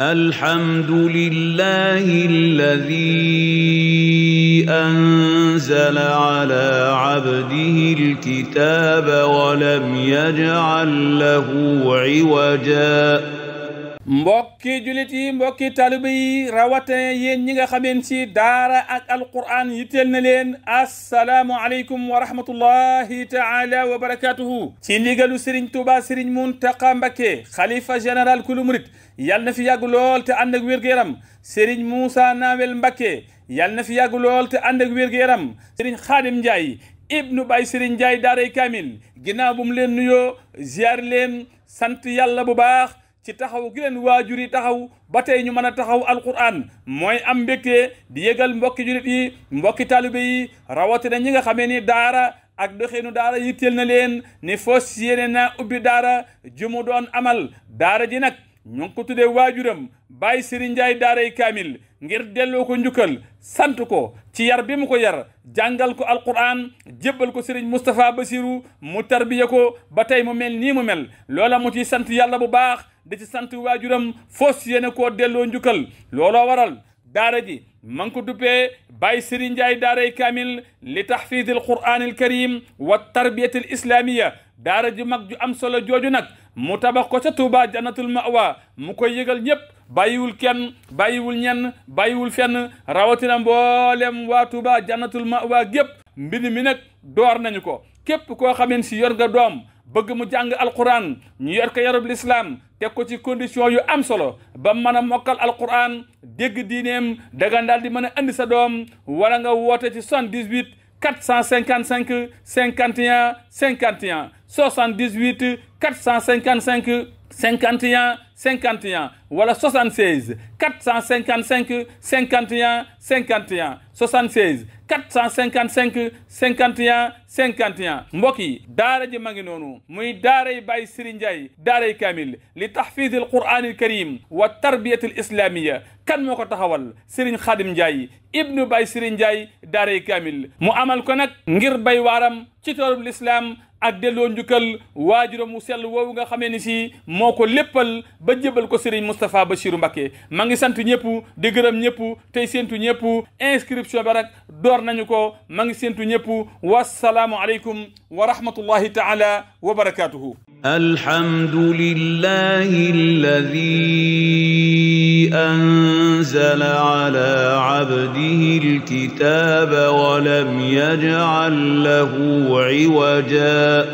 الحمد لله الذي أنزل على عبده الكتاب ولم يجعل له عوجاً mbokki jullit yi mbokki taliba yi rawatina yéen ñi nga xameen ci daara ak alquran na leen assalaamu aleykum wa rahmatullahi taala wa barakatuhu ci ndigalu Serigne Touba Serigne Mountakha Mbacké xalifa général kulu murit yal na fi yàgg te ànd ak wér yaram Serigne Moussa Nawel Mbacké yal na fi yàgg lool te ànd ak wér yaram Serigne Khadim Ndiaye ibnu Baye Serigne Ndiaye daaray Kamil ginnaaw bu leen nuyoo ziar leen sant yàlla bu baax ci taxaw gi leen waajur yi taxaw ba tey ñu mën a taxaw alquran mooy am mbégte di yëgal mbokki julit yi mbokki talibe yi rawatina ñi nga xamee ni daara ak doxeenu daara yitteel na leen ni foos yéene na ubbi daara jumu doon amal daara ji nag ñu ngi ko tuddee waajuram bàyyi Serigne Ndiaye daaray kaamil ngir delloo ko njukkal sant ko ci yar bi mu ko yar jàngal ko alquran jébbal ko Serigne Moustapha Bassirou mu tarbiya ko ba tey mu mel nii mu mel loola mu ci sant yàlla bu baax da ci sant waajuram foos yéene ko delloo njukkal looloo waral daara ji man ko duppee Baye Ndiaye daaray kaamil li tahfiidil quraanil karim wa tarbiyatil islaamiya daara ji mag ju am solo jooju nag mu tabax ko ca Tuubaa jannatul mawa mu koy yëgal ñëpp bàyyiwul kenn bàyyiwul ñenn bàyyiwul fenn rawatina mboolem waa Tuubaa jannatul mawa gépp mbind mi nag door nañu ko képp koo xamen si yor nga doom bëgg mu jàng alquran ñu yor ko yarub lislaam teg ko ci condition yu am solo ba mën a mokkal alquran dégg diineem dagan daal di mën a andi sa doom wala nga woote ci soixante dix huit quatre cent cinquante cinq cinquante et un cinquante et un soixante dix huit quatre cent cinquante cinq cinquante et un cinquante et un wala 76 455 51 51 76 455 51 51 mbokk yi daara ji ngi noonu muy daaray Baye Serigne Ndiaye daaray Kamil li tahfiz al Qur'an al Karim wa tarbiyat al islamiyya kan moo ko taxawal Serigne Khadim Ndiaye ibnu Baye Serigne Ndiaye daaray Kamil mu amal ko nag ngir bay waaram ci toolub l'islam ak delloo njukkal waajuram mu sell woowu nga xamee ni si moo ko léppal ba jëbal ko Serigne Moustapha Bachirou Mbacké ma ngi sant ñëpp di gërëm ñëpp tey séentu ñëpp inscription ba rek door nañu ko ma ngi séentu ñëpp wasalaamu aleykum wa rahmatullahi taala wa barakatuhu alhamdulillahi alladi anzala ala abdihi alkitaba wa lam yaj'al lahu iwaja